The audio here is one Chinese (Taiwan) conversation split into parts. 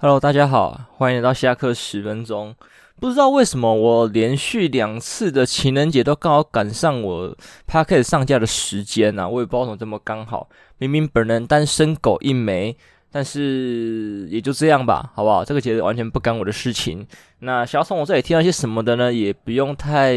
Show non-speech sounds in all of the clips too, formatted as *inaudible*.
Hello，大家好，歡迎來到下課十分鐘。不知道為什麼，我連續兩次的情人節都剛好趕上我 podcast 上架的時間啊。我也不知道怎麼這麼剛好，明明本人單身狗一枚，但是也就這樣吧，好不好？這個節日完全不干我的事情。那小宋，我這裡聽到些什麼的呢？也不用太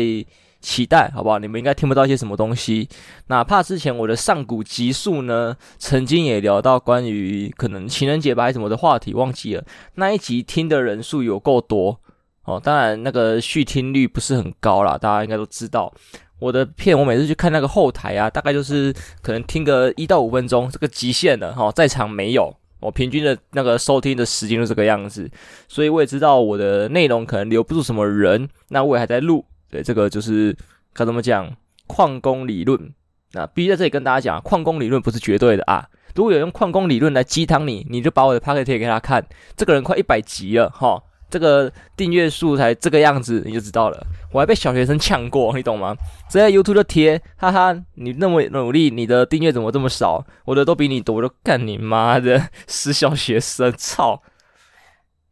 期待好不好？你們應該聽不到一些什麼東西。哪怕之前我的上古集數呢，曾經也聊到關於可能情人節吧，還是什麼的話題，忘記了。那一集聽的人數有夠多哦。當然那個續聽率不是很高啦，大家應該都知道我的片，我每次去看那個後台啊，大概就是可能聽個一到五分鐘這個極限的哈、哦，在場沒有。我、哦、平均的那個收聽的時間就是這個樣子，所以我也知道我的內容可能留不住什麼人，那我也還在錄。對，這個就是該怎麼講，礦工理論。那、啊、必須在這裡跟大家講，礦工理論不是絕對的啊。如果有人用礦工理論來雞湯你，你就把我的 pocket 給他看。這個人快一百集了哈，這個訂閱數才這個樣子，你就知道了。我還被小學生嗆過，你懂嗎？直接 YouTube 就貼，哈哈，你那麼努力，你的訂閱怎麼這麼少？我的都比你多，我就幹你媽的，是小學生操！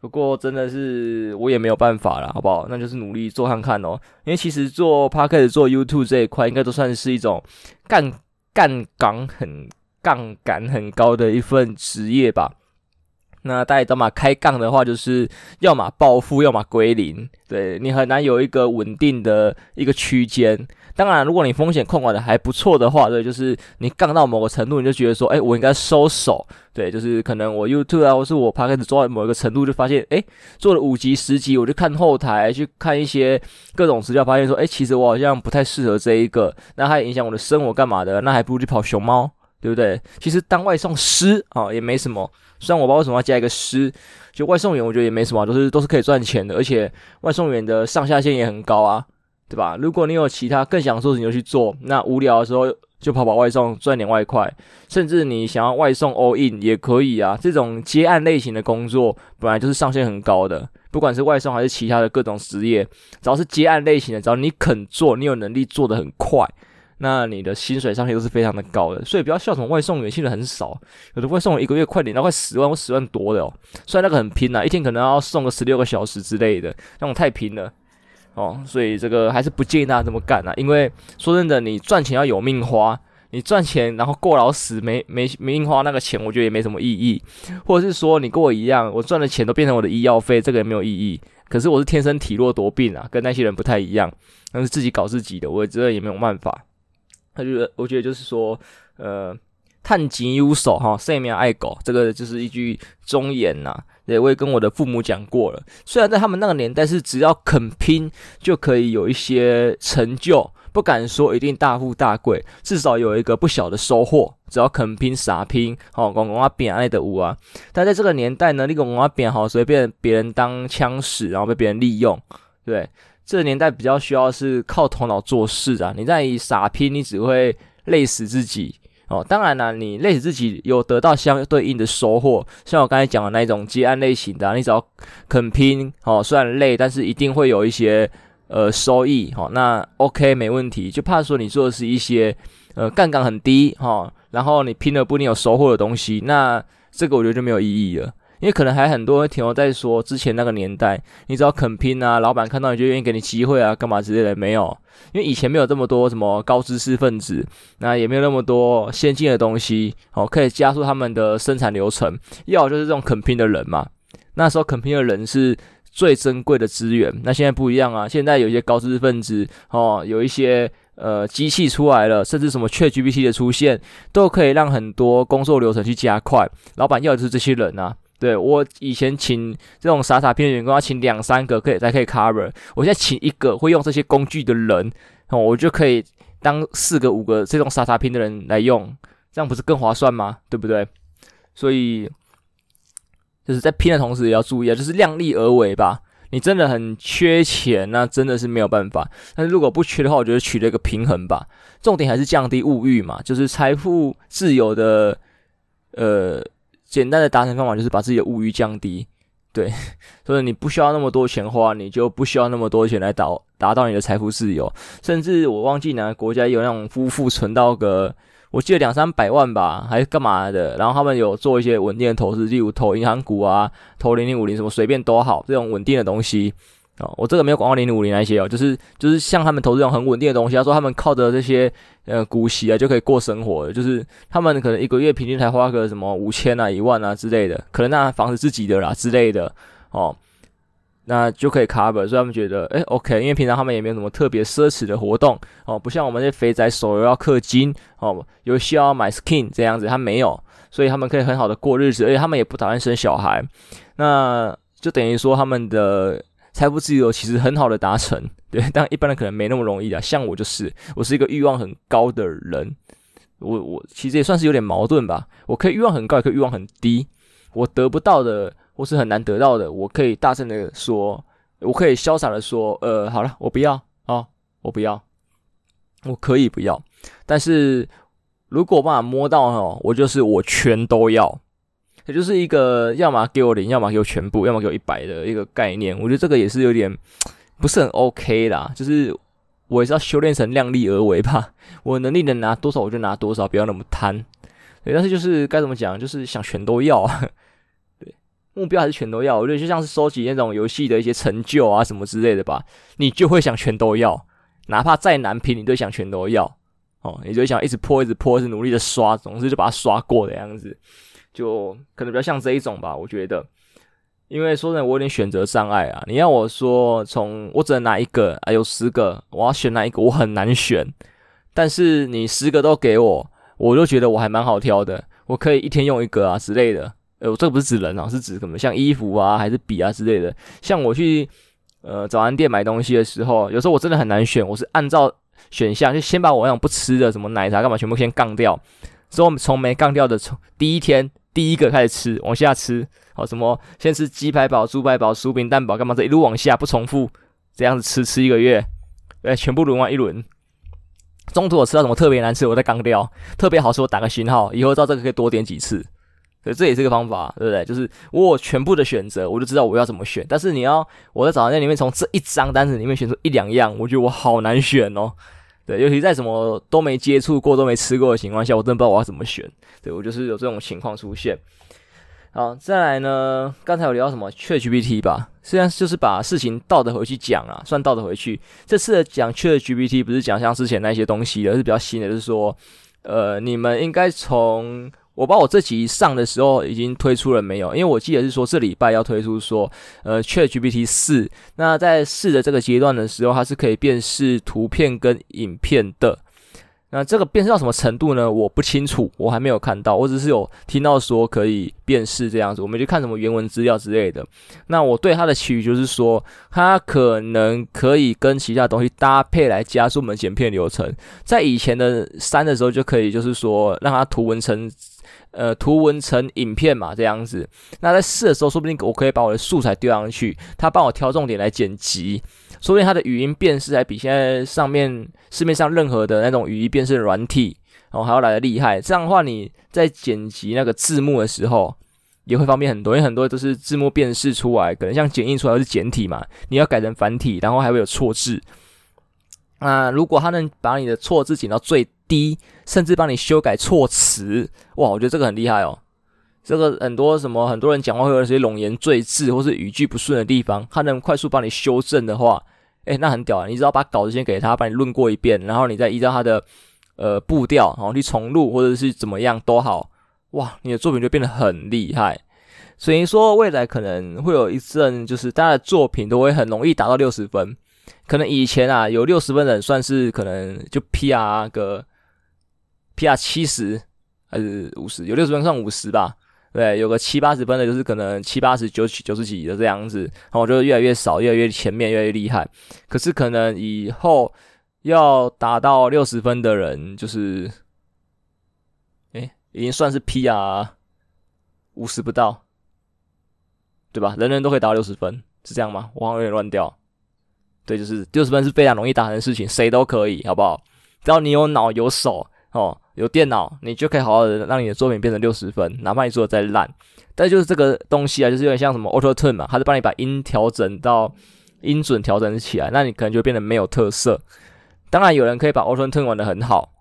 不過真的是我也沒有辦法了，好不好？那就是努力做看看咯，喔，因為其實做 podcast 做 YouTube 這一塊，應該都算是一種槓槓槓很槓桿很高的一份職業吧。那大家知道嗎？開槓的話就是要麼暴富，要麼歸零，對，你很難有一個穩定的一個區間。當然，如果你風險控管的還不錯的話，對，就是你槓到某個程度，你就覺得說，哎、欸，我應該收手。對，就是可能我 YouTube 啊，或是我 Podcast 做的某一個程度，就發現，哎、欸，做了五集、十集，我就看後台，去看一些各種資料，發現說，哎、欸，其實我好像不太適合這一個，那它影響我的生活幹嘛的，那還不如去跑熊貓，對不對？其實當外送師啊、哦，也沒什麼。雖然我不知道為什麼要加一個師，就外送員，我覺得也沒什麼，就是都是可以賺錢的，而且外送員的上下限也很高啊。對吧？如果你有其他更想做，你就去做；那無聊的時候就跑跑外送，賺點外快。甚至你想要外送 all in 也可以啊。這種接案類型的工作本來就是上限很高的，不管是外送還是其他的各種職業，只要是接案類型的，只要你肯做，你有能力做得很快，那你的薪水上限都是非常的高的。所以不要笑什麼外送員，現在很少，有的外送一個月快點到快十萬或十萬多的哦。雖然那個很拼啊，一天可能要送個十六個小時之類的，那種太拼了。哦，所以這個還是不建議大家這麼幹啊，因為說真的，你賺錢要有命花，你賺錢，然後過勞死沒沒沒命花那個錢，我覺得也沒什麼意義。或者是說，你跟我一樣，我賺的錢都變成我的醫藥費，這個也沒有意義。可是我是天生體弱多病啊，跟那些人不太一樣，但是自己搞自己的，我覺得也沒有辦法。他覺得，我覺得就是說，呃。汗盡猶手哈，誰沒有愛狗，這個就是一句忠言吶、啊。對，我也跟我的父母講過了，雖然在他們那個年代是只要肯拼就可以有一些成就，不敢說一定大富大貴，至少有一個不小的收穫。只要肯拼傻拼，好、哦，廣東話扁愛的烏啊。但在這個年代呢，你個廣東話扁好，所以被別人當槍使，然後被別人利用。對，這個年代比較需要是靠頭腦做事啊。你在傻拼，你只會累死自己。哦，當然啦、啊，你累死自己有得到相對應的收穫，像我剛才講的那種接案類型的、啊，你只要肯拼，哦，雖然累，但是一定會有一些呃收益，哦，那 OK 沒問題，就怕說你做的是一些呃槓桿很低，哦，然後你拼了不一定有收穫的東西，那這個我覺得就沒有意義了。因為可能還很多人停留在說之前那個年代，你只要肯拼啊，老闆看到你就願意給你機會啊，幹嘛之類的沒有？因為以前沒有這麼多什麼高知識分子，那也沒有那麼多先進的東西，哦，可以加速他們的生產流程。要就是這種肯拼的人嘛。那時候肯拼的人是最珍貴的資源。那現在不一樣啊，現在有一些高知識分子，哦，有一些呃機器出來了，甚至什麼 ChatGPT 的出現，都可以讓很多工作流程去加快。老闆要的是這些人啊。對，我以前請這種傻傻拼的員工，要請兩三個可以，才可以 cover。我現在請一個會用這些工具的人，嗯，我就可以當四個五個這種傻傻拼的人來用，這樣不是更划算嗎？對不對？所以就是在拼的同時也要注意啊，就是量力而為吧。你真的很缺錢，那真的是沒有辦法。但是如果不缺的話，我覺得取得一個平衡吧。重點還是降低物欲嘛，就是財富自由的呃。簡單的達成方法就是把自己的物欲降低，對，所以你不需要那麼多錢花，你就不需要那麼多錢來達達到你的財富自由。甚至我忘記哪個國家有那種夫婦存到個，我記得兩三百萬吧，還是幹嘛的？然後他們有做一些穩定的投資，例如投銀行股啊，投零零五零什麼，隨便都好，這種穩定的東西。哦，我這個沒有廣告，零零五零那些哦，就是就是像他們投資這種很穩定的東西。他說他們靠着這些呃股息啊，就可以過生活，就是他們可能一個月平均才花個什麼五千啊、一萬啊之類的，可能那房子自己的啦之類的哦，那就可以 cover。所以他們覺得誒，OK，因為平常他們也沒有什麼特別奢侈的活動哦，不像我們這些肥仔手遊要氪金哦，遊戲要買 skin 這樣子，他沒有，所以他們可以很好的過日子，而且他們也不打算生小孩，那就等於說他們的財富自由其實很好的達成，對，但一般人可能沒那麼容易啦。像我就是，我是一個慾望很高的人，我我其實也算是有點矛盾吧。我可以慾望很高，也可以慾望很低。我得不到的，或是很難得到的，我可以大聲的說，我可以瀟灑的說，呃，好了，我不要啊，我不要，我可以不要。但是如果我辦法摸到哦，我就是我全都要。也就是一個，要麼給我零，要麼給我全部，要麼給我一百的一個概念。我覺得這個也是有點不是很 OK 啦，就是我也是要修煉成量力而為吧。我能力能拿多少我就拿多少，不要那麼貪。對，但是就是該怎麼講，就是想全都要啊。對，目標還是全都要。我覺得就像是收集那種遊戲的一些成就啊什麼之類的吧，你就會想全都要，哪怕再難拼，你都想全都要。哦，你就想一直破，一直破，一直努力的刷，總是就把它刷過的樣子。就可能比較像這一種吧，我覺得，因為說真的我有點選擇障礙啊。你要我說從我只能拿一個啊，有十個我要選哪一個，我很難選。但是你十個都給我，我就覺得我還蠻好挑的，我可以一天用一個啊之類的。呃，這個、不是指人啊，是指什麼像衣服啊，還是筆啊之類的。像我去呃，早餐店買東西的時候，有時候我真的很難選，我是按照選項，就先把我那種不吃的什麼奶茶幹嘛全部先槓掉，之後從沒槓掉的從第一天。第一個開始吃，往下吃，好什麼？先吃雞排堡、豬排堡、酥餅蛋堡，幹嘛這一路往下，不重複，這樣子吃吃一個月，對，全部輪完一輪。中途我吃到什麼特別難吃，我再幹掉；特別好吃，我打個星號。以後照這個可以多點幾次，所以這也是個方法，對不對？就是我有全部的選擇，我就知道我要怎麼選。但是你要我早上在早餐店裡面從這一張單子裡面選出一兩樣，我覺得我好難選哦。對，尤其在什麼都沒接觸過、都沒吃過的情況下，我真的不知道我要怎麼選。對，我就是有這種情況出現。好，再來呢？剛才有聊到什麼？ChatGPT 吧，實際上就是把事情倒着回去講啊，算倒着回去。這次的講 ChatGPT 不是講像之前那些東西的，而是比較新的，就是說，呃，你們應該從。我把我這集上的時候已經推出了沒有？因為我記得是說這禮拜要推出說，呃，ChatGPT 四，那在四的這個階段的時候，它是可以辨識圖片跟影片的。那這個辨識到什麼程度呢？我不清楚，我還沒有看到。我只是有聽到說可以辨識這樣子。我沒去看什麼原文資料之類的。那我對它的期許就是說，它可能可以跟其他東西搭配來加速我們剪片的流程。在以前的三的時候就可以，就是說讓它圖文成。呃，圖文成影片嘛，這樣子。那在試的時候，說不定我可以把我的素材丟上去，他幫我挑重點來剪輯。說不定他的語音辨識還比現在上面市面上任何的那種語音辨識軟體，哦，還要來得厲害。這樣的話，你在剪輯那個字幕的時候也會方便很多，因為很多都是字幕辨識出來，可能像剪映出來都是簡體嘛，你要改成繁體，然後還會有錯字。那如果他能把你的錯字剪到最……低，甚至幫你修改措辭，哇，我覺得這個很厲害哦。這個很多什麼很多人講話會有一些冗言贅字，或是語句不順的地方，他能快速幫你修正的話，誒、欸，那很屌啊！你只要把稿子先給他，幫你論過一遍潤，然後你再依照他的呃步調，然後去重錄，或者是怎麼樣都好，哇，你的作品就變得很厲害。所以你說未來可能會有一陣，就是大家的作品都會很容易達到六十分，可能以前啊有六十分的人算是可能就 P R 哥，啊。P.R. 七十還是五十？有六十分算五十吧。對，有個七八十分的，就是可能七八十九幾、九十幾的這樣子。然、哦、後就越來越少，越來越前面，越來越厲害。可是可能以後要達到六十分的人，就是哎，已經算是 P.R. 五十不到，對吧？人人都可以達到六十分，是這樣嗎？我好像有點亂掉。對，就是六十分是非常容易達成的事情，誰都可以，好不好？只要你有腦有手哦。有電腦，你就可以好好的讓你的作品變成六十分，哪怕你做得再爛。但就是這個東西啊，就是有點像什麼 Auto Tune 嘛，它是幫你把音調整到音準調整起來，那你可能就變得沒有特色。當然，有人可以把 Auto Tune 玩得很好，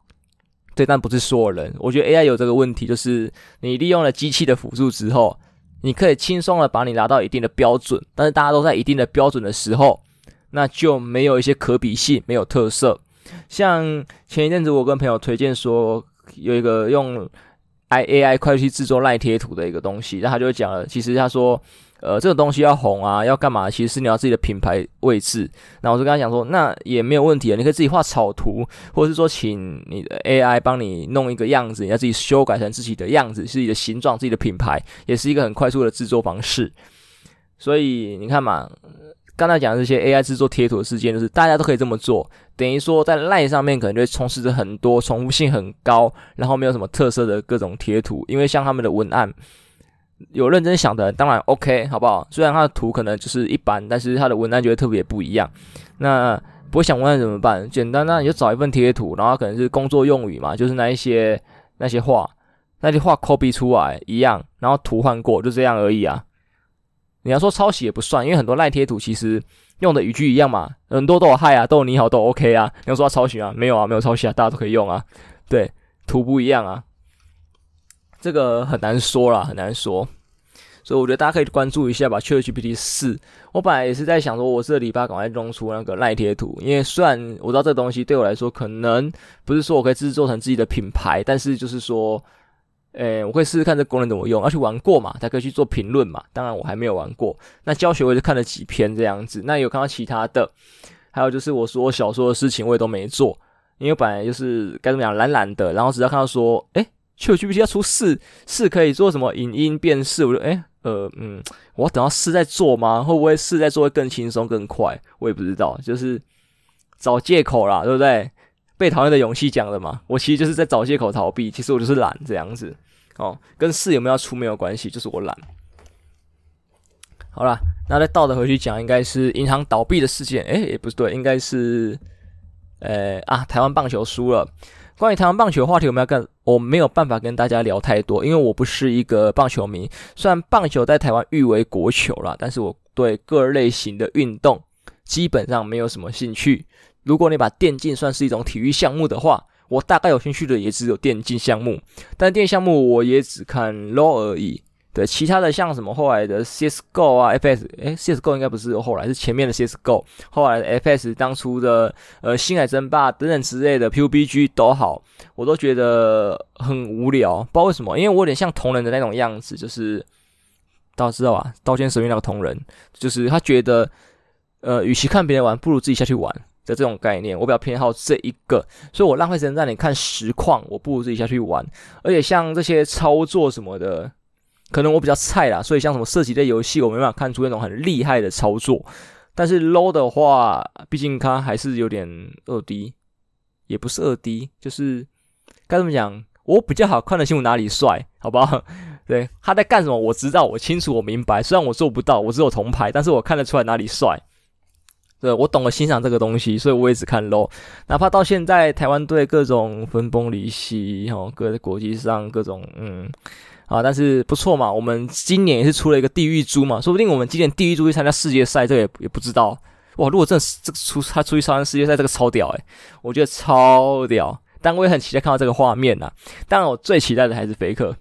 對，但不是所有人。我覺得 AI 有這個問題，就是你利用了機器的輔助之後，你可以輕鬆地把你拿到一定的標準，但是大家都在一定的標準的時候，那就沒有一些可比性，沒有特色。像前一陣子我跟朋友推薦說。有一個用 I A I 快速去製作賴貼圖的一個東西，那他就會講了。其實他說，呃，這種東西要紅啊，要幹嘛？其實是你要自己的品牌位置。那我就跟他講說，那也沒有問題了，你可以自己畫草圖，或者是說請你的 A I 幫你弄一個樣子，你要自己修改成自己的樣子、自己的形狀、自己的品牌，也是一個很快速的製作方式。所以你看嘛。剛才講的這些 AI 製作貼圖的事件，就是大家都可以這麼做，等於說在 LINE 上面可能就會充斥着很多重複性很高，然後沒有什麼特色的各種貼圖。因為像他們的文案有認真想的，當然 OK，好不好？雖然他的圖可能就是一般，但是他的文案就會特別不一樣。那不會想文案怎麼辦？簡單，啊，那你就找一份貼圖，然後可能是工作用語嘛，就是那一些那些話，那些話 copy 出來一樣，然後圖換過，就這樣而已啊。你要說抄襲也不算，因為很多賴貼圖其實用的語句一樣嘛，很多都有嗨啊，都有你好，都有 OK 啊。你要說抄襲啊，沒有啊，沒有抄襲啊，大家都可以用啊。對，圖不一樣啊，這個很難說啦，很難說。所以我覺得大家可以關注一下吧。ChatGPT 四，我本來也是在想說，我這禮拜趕快弄出那個賴貼圖。因為雖然我知道這東西對我來說可能不是說我可以製作成自己的品牌，但是就是說。誒，我會試試看這功能怎麼用，要去玩過嘛，才可以去做評論嘛。當然我還沒有玩過，那教學我就看了幾篇這樣子。那有看到其他的，還有就是我說我小說的事情我也都沒做，因為本來就是該怎麼講懶懶的，然後直到看到說，誒，ChatGPT 要出四，四可以做什麼影音辨識，我就誒，呃嗯，我要等到四再做嘛，會不會四再做會更輕鬆更快？我也不知道，就是找借口啦，對不對？被討厭的勇氣講的嘛，我其實就是在找借口逃避，其實我就是懶這樣子，哦，跟室友沒有要出沒有關係，就是我懶。好了，那再倒着回去講，應該是銀行倒閉的事件，誒、欸，也不是對，應該是，呃、欸、啊，台灣棒球輸了。關於台灣棒球的話題有有，我們要跟我沒有辦法跟大家聊太多，因為我不是一個棒球迷。雖然棒球在台灣譽為國球啦，但是我對各類型的運動基本上沒有什麼興趣。如果你把電競算是一種體育項目的話，我大概有興趣的也只有電競項目。但電競項目我也只看 LOL 而已。對，其他的像什麼後來的 CS:GO 啊，FS，哎、欸、，CS:GO 應該不是後來，是前面的 CS:GO。後來的 FS，當初的呃《星海爭霸》等等之類的，PUBG 都好，我都覺得很無聊。不知道為什麼，因為我有點像同人的那種樣子，就是大家知道吧，《刀劍神域》那個同人，就是他覺得呃，與其看別人玩，不如自己下去玩。的這種概念，我比較偏好這一個，所以我浪費時間讓你看實況，我不如自己下去玩。而且像這些操作什麼的，可能我比較菜啦，所以像什麼射擊類遊戲，我沒辦法看出那種很厲害的操作。但是 low 的話，畢竟它還是有點二 D，也不是二 D，就是該怎麼講，我比較好看得清楚哪裡帥，好不好？對，他在幹什麼，我知道，我清楚，我明白。雖然我做不到，我只有銅牌，但是我看得出來哪裡帥。對，我懂得欣賞這個東西，所以我也只看 low。哪怕到現在台灣隊各種分崩離析，然、哦、後各國際上各種嗯啊，但是不錯嘛，我們今年也是出了一個地獄豬嘛，說不定我們今年地獄豬去參加世界賽，這也也不知道。哇，如果真的這個出他出去參加世界賽，這個超屌哎、欸，我覺得超屌。但我也很期待看到這個畫面吶、啊。當然，我最期待的還是 Faker，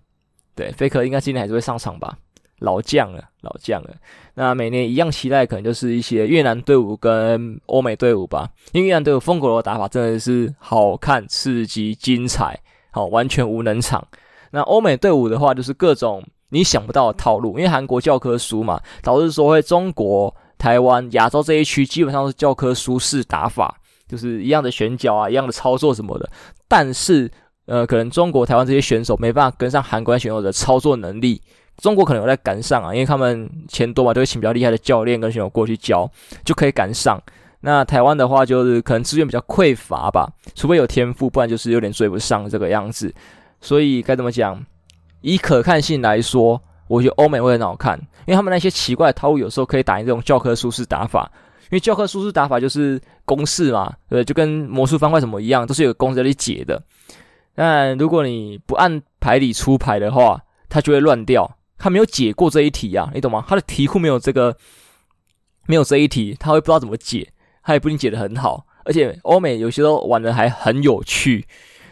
對，Faker 應該今年還是會上場吧。老將了，老將了。那每年一樣期待，可能就是一些越南隊伍跟歐美隊伍吧。因為越南隊伍風格的打法真的是好看、刺激、精彩，好、哦、完全無能場。那歐美隊伍的話，就是各種你想不到的套路。因為韓國教科書嘛，導致說會中國、台灣、亞洲這一區基本上是教科書式打法，就是一樣的選角啊，一樣的操作什麼的。但是，呃，可能中國、台灣這些選手沒辦法跟上韓國選手的操作能力。中國可能有在趕上啊，因為他們錢多嘛，就會請比較厲害的教練跟選手過去教，就可以趕上。那台灣的話，就是可能資源比較匱乏吧，除非有天賦，不然就是有點追不上這個樣子。所以該怎麼講？以可看性來說，我覺得歐美會很好看，因為他們那些奇怪的套路有時候可以打贏這種教科書式打法。因為教科書式打法就是公式嘛，對不對？就跟魔術方塊什麼一樣，都是有公式來解的。那如果你不按牌理出牌的話，它就會亂掉。他沒有解過這一題啊，你懂嗎？他的題庫沒有這個，沒有這一題，他會不知道怎麼解，他也不一定解得很好。而且歐美有些時候玩的還很有趣，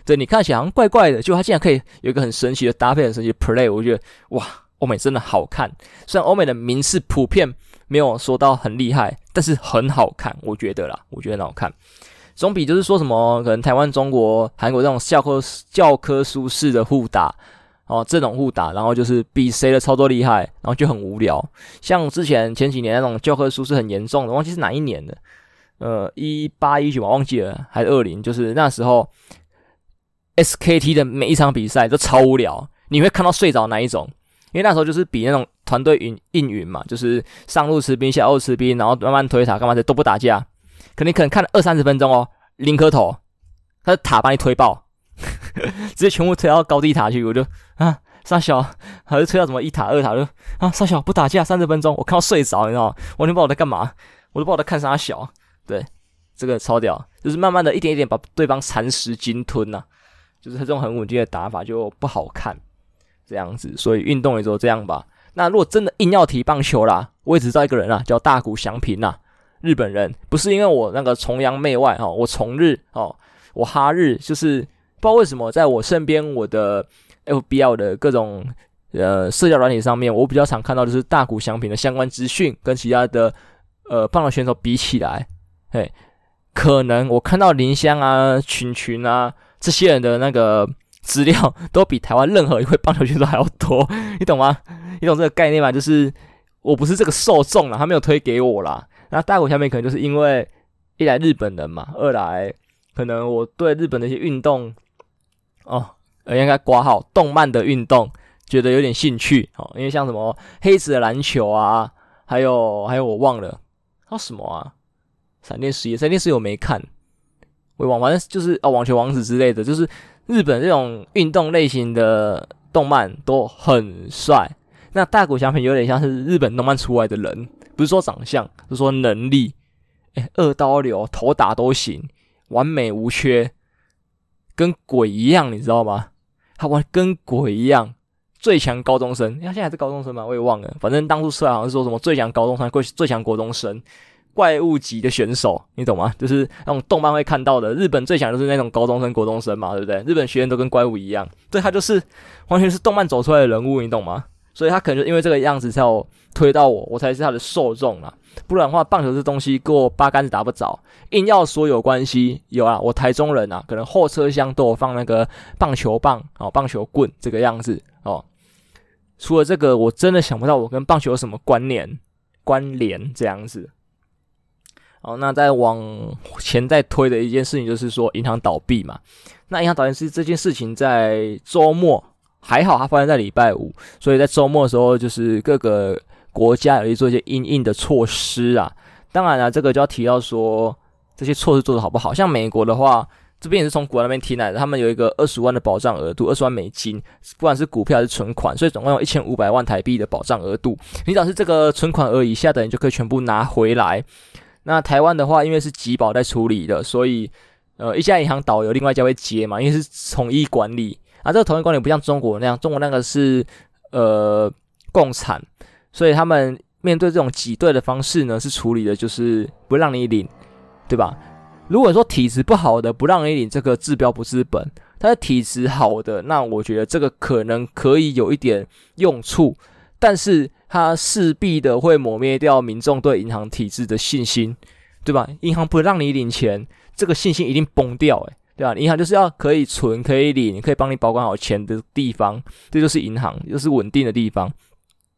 對，你看起來好像怪怪的，就他竟然可以有一個很神奇的搭配，很神奇的 play，我覺得哇，歐美真的好看。雖然歐美的名次普遍沒有說到很厲害，但是很好看，我覺得啦，我覺得很好看，總比就是說什麼可能台灣、中國、韓國這種教科教科書式的互打。哦，這種互打，然後就是比誰的操作厲害，然後就很無聊。像之前前幾年那種教科書是很嚴重的，忘記是哪一年的，呃，一八一九我忘記了，還是二零？就是那時候，SKT 的每一場比賽都超無聊。你會看到睡着哪一種？因為那時候就是比那種團隊運運營嘛，就是上路吃兵，下路吃兵，然後慢慢推塔幹嘛誰都不打架。可能可能看了二三十分鐘哦，零顆頭，他的塔把你推爆。 *laughs* 直接全部推到高地塔去，我就啊三小，還是推到什麼一塔二塔就啊三小，不打架三十分鐘，我看到睡着，你知道嗎？完全不知道我在幹嘛，我都不知道我在看三小。對，這個超屌，就是慢慢的一點一點把對方蠶食鯨吞吶、啊，就是他這種很穩定的打法就不好看這樣子。所以運動也就這樣吧。那如果真的硬要提棒球啦，我也只知道一個人啦、啊，叫大谷翔平啦、啊，日本人。不是因為我那個崇洋媚外哦，我崇日哦，我哈日就是。不知道為什麼，在我身邊，我的 FBL 我的各種呃社交軟體上面，我比較常看到的是大谷翔平的相關資訊，跟其他的呃棒球選手比起來，嘿，可能我看到林香啊、群群啊這些人的那個資料，都比台灣任何一位棒球選手還要多，你懂嗎？你懂這個概念嗎？就是我不是這個受眾了，他沒有推給我啦。那大谷翔平可能就是因為一來日本人嘛，二來可能我對日本的一些運動。哦，呃，應該掛號。動漫的運動，覺得有點興趣。哦，因為像什麼黑子的籃球啊，還有還有我忘了，還、哦、有什麼啊？閃電十一，閃電十一我沒看，我忘。反正就是哦，網球王子之類的，就是日本這種運動類型的動漫都很帥。那大谷翔平有點像是日本動漫出來的人，不是說長相，就是說能力。誒、欸，二刀流，投打都行，完美無缺。跟鬼一樣，你知道嗎？他玩跟鬼一樣，最強高中生。你、欸、看現在還是高中生嗎？我也忘了。反正當初出來好像是說什麼最強高中生、最最強國中生、怪物級的選手，你懂嗎？就是那種動漫會看到的日本最強就是那種高中生、國中生嘛，對不對？日本學院都跟怪物一樣。對，他就是完全是動漫走出來的人物，你懂嗎？所以他可能就因為這個樣子才有推到我，我才是他的受眾啦。不然的話，棒球這東西跟我八竿子打不着。硬要說有關係，有啊，我台中人啊，可能後車廂都有放那個棒球棒，哦，棒球棍這個樣子哦。除了這個，我真的想不到我跟棒球有什麼關聯，關聯這樣子。哦，那再往前再推的一件事情就是說，銀行倒閉嘛。那銀行倒閉是這件事情在周末還好，它發生在禮拜五，所以在周末的時候就是各個。國家有意做一些因應的措施啊，當然了、啊，這個就要提到說，這些措施做得好不好。像美國的話，這邊也是從國外那邊聽來的，他們有一個二十萬的保障額度，二十萬美金，不管是股票還是存款，所以總共有一千五百萬台幣的保障額度。你只要是這個存款額以下的，你就可以全部拿回來。那台灣的話，因為是集保在處理的，所以呃一家銀行倒有另外一家會接嘛，因為是統一管理。啊，這個統一管理不像中國那樣，中國那個是呃共產。所以他們面對這種擠兌的方式呢，是處理的，就是不讓你領，對吧？如果說體質不好的，不讓你領，這個治標不治本。他的體質好的，那我覺得這個可能可以有一點用處，但是它勢必的會抹滅掉民眾對銀行體制的信心，對吧？銀行不讓你領錢，這個信心一定崩掉、欸，誒，對吧？銀行就是要可以存、可以領、可以幫你保管好錢的地方，這就是銀行，又、就是穩定的地方。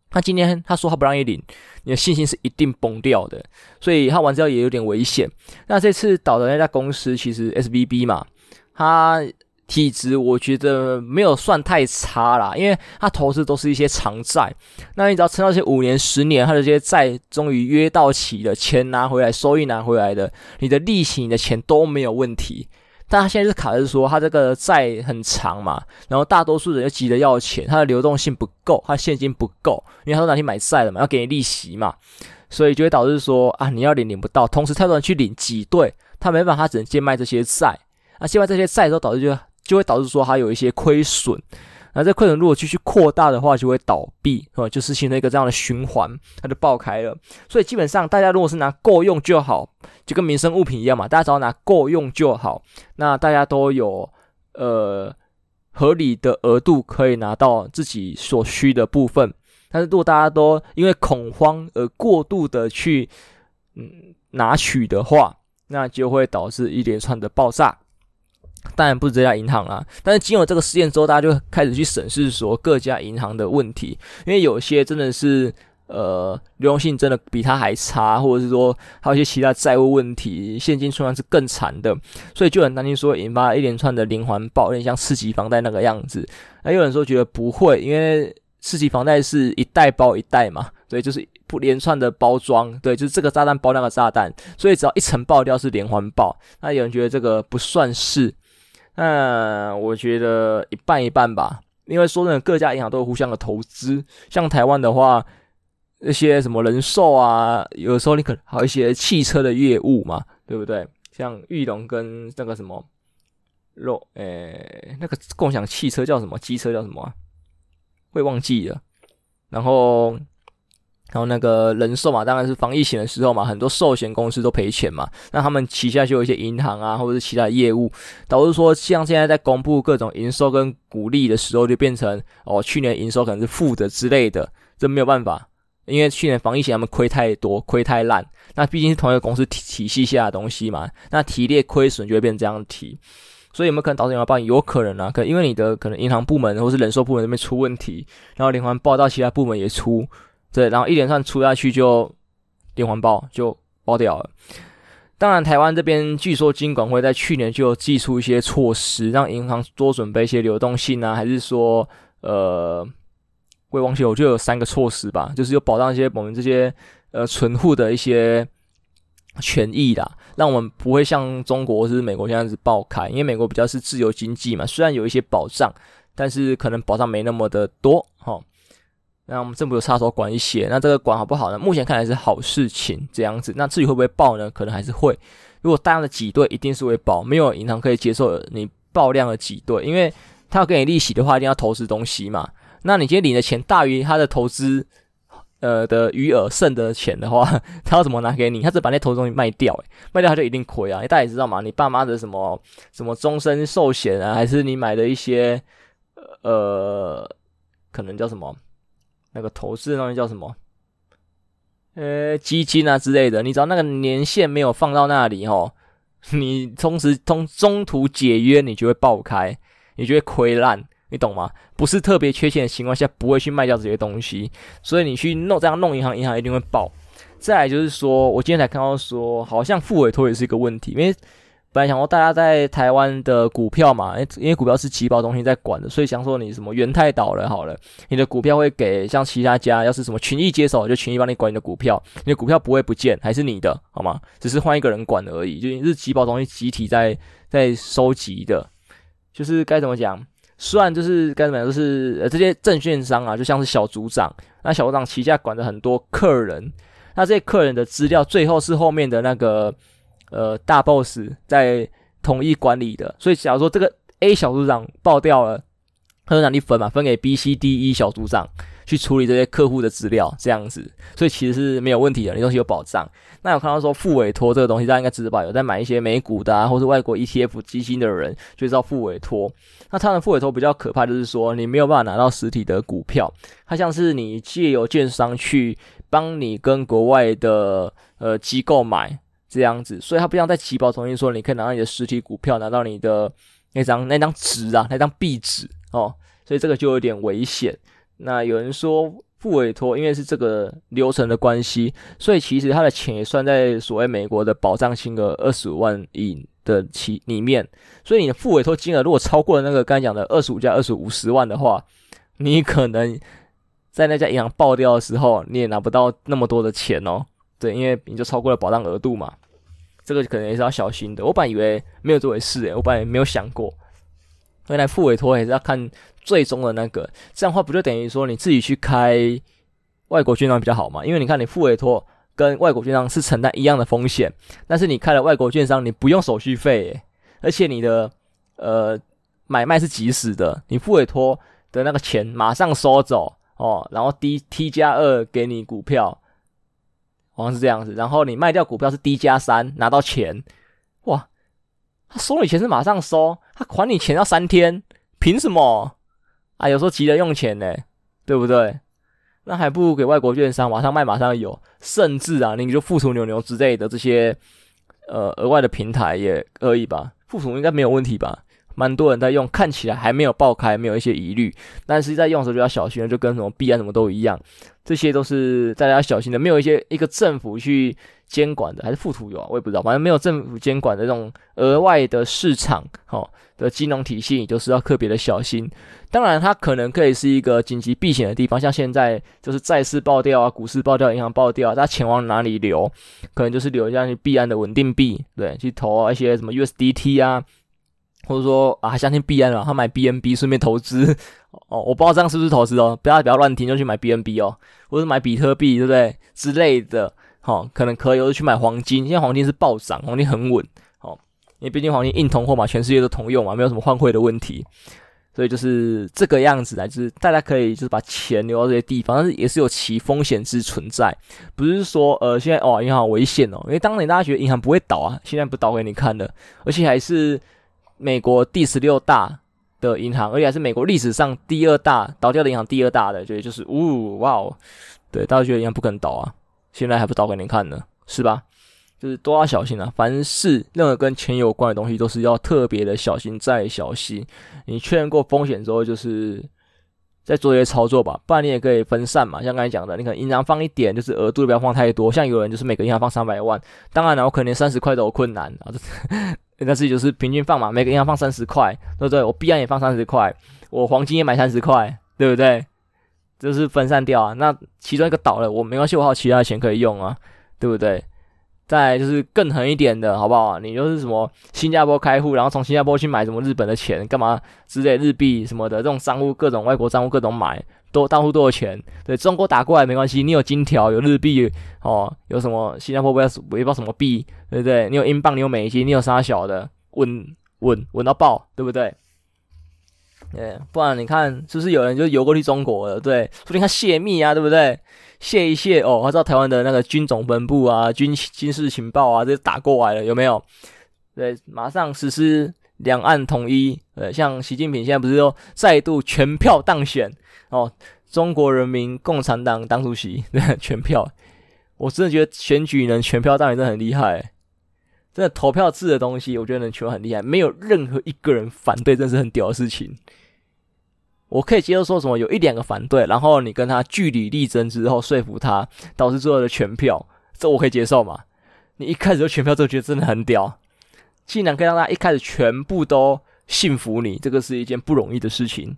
他今天他說他不讓你領，你的信心是一定崩掉的，所以他玩之後也有點危險。那這次倒的那家公司其實 SBB 嘛，他體質我覺得沒有算太差啦，因為他投資都是一些長債。那你只要撐到這些五年、十年，他的這些債終於約到期了，錢拿回來，收益拿回來的，你的利息、你的錢都沒有問題。但他現在就是卡的是說，他這個債很長嘛，然後大多數人又急着要錢，他的流動性不夠，他現金不夠，因為他都拿去買債了嘛，要給你利息嘛，所以就會導致說啊，你要領領不到，同時太多人去領擠兌，他沒辦法，他只能賤賣這些債，那賤賣這些債都導致就就會導致說他有一些虧損。那這虧損，如果繼續擴大的話，就會倒閉，哦，就形成一個這樣的循環，它就爆開了。所以基本上大家如果是拿夠用就好，就跟民生物品一樣嘛，大家只要拿夠用就好。那大家都有呃，合理的額度可以拿到自己所需的部分，但是如果大家都因為恐慌而過度的去嗯，拿取的話，那就會導致一連串的爆炸。當然不只這家銀行啦、啊，但是經過這個事件之後，大家就開始去審視說各家銀行的問題，因為有些真的是呃流動性真的比它還差，或者是說還有一些其他債務問題，現金雖然是更慘的，所以就很擔心說引發一連串的連環爆，有點像次級房貸那個樣子。那有人說覺得不會，因為次級房貸是一袋包一袋嘛，對，就是一連串的包裝，對，就是這個炸彈包那個炸彈，所以只要一層爆掉是連環爆。那有人覺得這個不算是。那、嗯、我覺得一半一半吧，因為說真的，各家銀行都有互相的投資。像台灣的話，那些什麼人壽啊，有時候你可能還有一些汽車的業務嘛，對不對？像裕隆跟那個什麼，哎、欸，那個共享汽車叫什麼？機車叫什麼、啊？會忘記了。然後。然後那個人壽嘛，當然是防疫險的時候嘛，很多壽險公司都賠錢嘛。那他們旗下就有一些銀行啊，或者是其他的業務，導致說像現在在公布各種營收跟股利的時候，就變成哦，去年營收可能是負的之類的。這沒有辦法，因為去年防疫險他們虧太多，虧太爛。那畢竟是同一個公司體系下的東西嘛，那提列虧損就會變成這樣提。所以有沒有可能導致連環報應？有可能啊，可能因為你的可能銀行部門或是人壽部門那邊出問題，然後連環報到其他部門也出。對，然後一連串出下去就連環爆，就爆掉了。當然台，台灣這邊據說金管會在去年就祭出一些措施，讓銀行多準備一些流動性啊，還是說呃，為王雪我就有三個措施吧，就是有保障一些我們這些呃存戶的一些權益啦，讓我們不會像中國或是美國這樣子爆開，因為美國比較是自由經濟嘛，雖然有一些保障，但是可能保障沒那麼的多哈。齁那我們政府有插手管一些，那這個管好不好呢？目前看來是好事情這樣子。那至於會不會爆呢？可能還是會。如果大量的擠兌，一定是會爆。沒有銀行可以接受你爆量的擠兌，因為他要給你利息的話，一定要投資東西嘛。那你今天領的錢大於他的投資，呃的餘額剩的錢的話，他要怎麼拿給你？他只把那投資東西賣掉，欸，賣掉他就一定虧啊。你大家也知道嘛，你爸媽的什麼什麼終身壽險啊，還是你買的一些，呃，可能叫什麼？那個投資的東西叫什麼？呃、欸，基金啊之類的。你只要那個年限沒有放到那裡哦，你同時從中途解約，你就會爆開，你就會虧爛，你懂嗎？不是特別缺錢的情況下，不會去賣掉這些東西。所以你去弄這樣弄銀行，銀行一定會爆。再來就是說，我今天才看到說，好像複委託也是一個問題，因為。本來想說，大家在台灣的股票嘛，因為股票是集保中心在管的，所以想說你什麼元泰倒了好了，你的股票會給像其他家，要是什麼群益接手，就群益幫你管你的股票，你的股票不會不見，還是你的，好嗎？只是換一個人管而已，就是集保中心集體在在收集的，就是該怎麼講，算就是該怎麼講，就是呃這些證券商啊，就像是小組長，那小組長旗下管着很多客人，那這些客人的資料最後是後面的那個。呃，大 boss 在統一管理的，所以假如說這個 A 小組長爆掉了，他就拿你分嘛，分給 B C D E 小組長去處理這些客戶的資料，這樣子，所以其實是沒有問題的，你東西有保障。那有看到說複委託這個東西，大家應該知道吧，有在買一些美股的啊，或者外國 ETF 基金的人，就叫複委託。那他的複委託比較可怕，就是說你沒有辦法拿到實體的股票，他像是你借由券商去幫你跟國外的呃機構買。這樣子，所以他不像在起保，重新說，你可以拿到你的實體股票，拿到你的那張那張紙啊，那張壁紙哦，所以這個就有點危險。那有人說複委託，因為是這個流程的關係，所以其實他的錢也算在所謂美國的保障金額二十五萬以的期裡面。所以你的複委託金額如果超過了那個剛才講的二十五加二十五，五十萬的話，你可能在那家銀行爆掉的時候，你也拿不到那麼多的錢哦。對，因為你就超過了保障額度嘛，這個可能也是要小心的。我本來以為沒有這回事誒，我本來也沒有想過，原來複委託也是要看最終的那個。這樣的話，不就等於說你自己去開外國券商比較好嘛？因為你看，你複委託跟外國券商是承擔一樣的風險，但是你開了外國券商，你不用手續費誒，而且你的呃買賣是即時的，你複委託的那個錢馬上收走哦，然後 D T 加二給你股票。好像是這樣子，然後你賣掉股票是低加三拿到錢，哇！他收你錢是馬上收，他還你錢要三天，憑什麼？啊，有時候急着用錢呢，對不對？那還不如給外國券商，馬上賣馬上有，甚至啊，你就富途牛牛之類的這些，呃，額外的平台也可以吧？富途應該沒有問題吧？蠻多人在用，看起來還沒有爆開，沒有一些疑慮，但是在用的時候就要小心了，就跟什麼幣啊，什麼都一樣。這些都是大家要小心的，沒有一些一個政府去監管的，還是副圖有啊，我也不知道，反正沒有政府監管的這種額外的市場，吼的金融體系，就是要特別的小心。當然，它，可能可以是一個緊急避險的地方，像現在就是債市爆掉啊，股市爆掉，銀行爆掉，啊，它錢往哪裡流？可能就是流向去幣安的穩定幣，對，去投一些什麼 USDT 啊。或者說啊，相信幣安了，他買 BNB 順便投資哦，我不知道這樣是不是投資哦，不要不要亂聽就去買 BNB 哦，或者買比特幣，對不對之類的？哦。可能可以，或者去買黃金，現在黃金是暴漲，黃金很穩，哦，因為畢竟黃金硬通貨嘛，全世界都通用嘛，沒有什麼換匯的問題，所以就是這個樣子來就是大家可以就是把錢留到這些地方，但是也是有其風險之存在，不是說呃現在哦銀行危險哦，因為當年大家覺得銀行不會倒啊，現在不倒給你看了，而且還是。美國第十六大的銀行，而且還是美國歷史上第二大倒掉的銀行，第二大的，所以就是，嗚哇哦，對，大家覺得銀行不可能倒啊，現在還不倒給您看呢，是吧？就是都要小心啊，凡是任何跟錢有關的東西，都是要特別的小心再小心。你確認過風險之後，就是再做一些操作吧，不然你也可以分散嘛，像剛才講的，你可能銀行放一點，就是額度不要放太多。像有人就是每個銀行放三百萬，當然了，我可能連三十塊都有困難啊。 *laughs* 但是就是平均放嘛，每個銀行放三十塊，對不對？我幣安也放三十塊，我黃金也買三十塊，對不對？就是分散掉啊。那其中一個倒了，我沒關係，我還有其他的錢可以用啊，對不對？再來就是更狠一點的，好不好啊？你就是什麼新加坡開戶，然後從新加坡去買什麼日本的錢，幹嘛之類，日幣什麼的，這種商務，各種外國商務，各種買。多當初多少錢？對，中國打過來沒關係，你有金條，有日幣，哦，有什麼新加坡也不知道什麼幣，對不對？你有英鎊，你有美金，你有啥小的，穩穩穩到爆，對不對？對，不然你看，是不是有人就游過去中國了？對，說不定他泄密啊，對不對？泄一泄哦，他知道台灣的那個軍種分布啊，軍軍事情報啊，這就打過來了，有沒有？對，馬上實施。兩岸統一，呃，像習近平現在不是又再度全票當選哦，中國人民共產黨黨主席，對，全票，我真的覺得選舉能全票當選真的很厲害，真的投票制的東西，我覺得能全很厲害，沒有任何一個人反對，真的是很屌的事情。我可以接受說什麼有一兩個反對，然後你跟他據理力爭之後說服他，導致最後的全票，這我可以接受嘛。你一開始就全票，這覺得真的很屌。竟然可以讓大家一開始全部都信服你，這個是一件不容易的事情。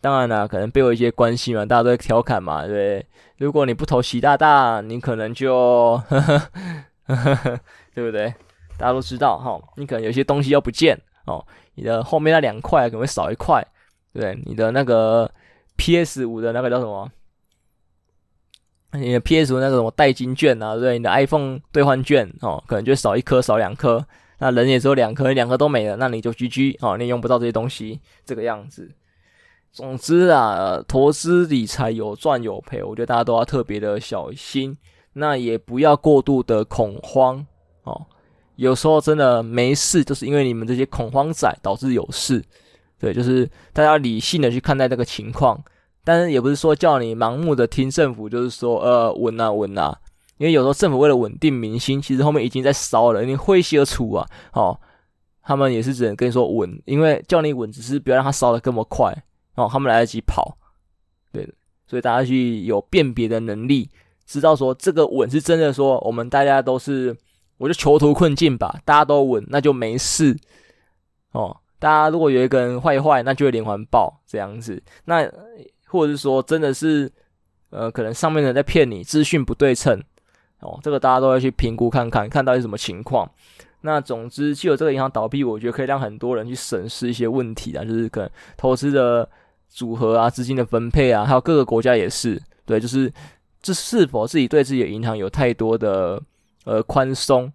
當然啦、啊，可能背後一些關係嘛，大家都在調侃嘛，對不對？如果你不投習大大，你可能就， *laughs* 對不對？大家都知道哈、哦，你可能有些東西又不見哦，你的後面那兩塊可能會少一塊，對，你的那個 P S 五的那個叫什麼？你的 P S 五那個什麼代金券啊，對不對，你的 iPhone 兌換券哦，可能就少一顆，少兩顆。那人也只有兩顆，你兩顆都沒了，那你就 GG 哦，你用不到這些東西，這個樣子。總之啊，投資理財有賺有賠，我覺得大家都要特別的小心，那也不要過度的恐慌哦。有時候真的沒事，就是因為你們這些恐慌仔導致有事。對，就是大家理性的去看待這個情況，但是也不是說叫你盲目的聽政府，就是說呃穩啊穩啊。因為有時候政府為了穩定民心，其實後面已經在燒了，已經修之出啊。哦，他們也是只能跟你說穩，因為叫你穩，只是不要讓它燒得那麼快，哦，他們來得及跑。對的，所以大家去有辨別的能力，知道說這個穩是真的。說我們大家都是，我就囚徒困境吧，大家都穩，那就沒事。哦，大家如果有一個人壞一壞，那就會連環爆這樣子。那或者是說，真的是呃，可能上面人在騙你，資訊不對稱。哦，這個大家都要去評估看看，看到底什麼情況。那總之，既有這個銀行倒閉，我覺得可以讓很多人去審視一些問題啊，就是可能投資的組合啊、資金的分配啊，還有各個國家也是對，就是這、就是、是否自己對自己的銀行有太多的呃寬鬆，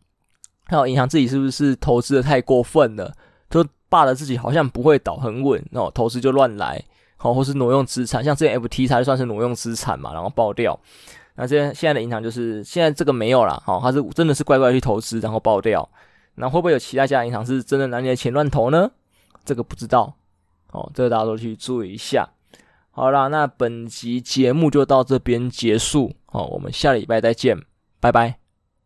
還有銀行自己是不是投資的太過分了，就霸了自己，好像不會倒很穩哦，投資就亂來，好、哦，或是挪用資產，像這 FTX 才算是挪用資產嘛，然後爆掉。那這現在的銀行就是現在這個沒有了，好、哦，它是真的是乖乖去投資，然後爆掉。那會不會有其他家銀行是真的拿你的錢亂投呢？這個不知道，好、哦，這個大家都去注意一下。好啦，那本集節目就到這邊結束，好、哦，我們下禮拜再見，拜拜。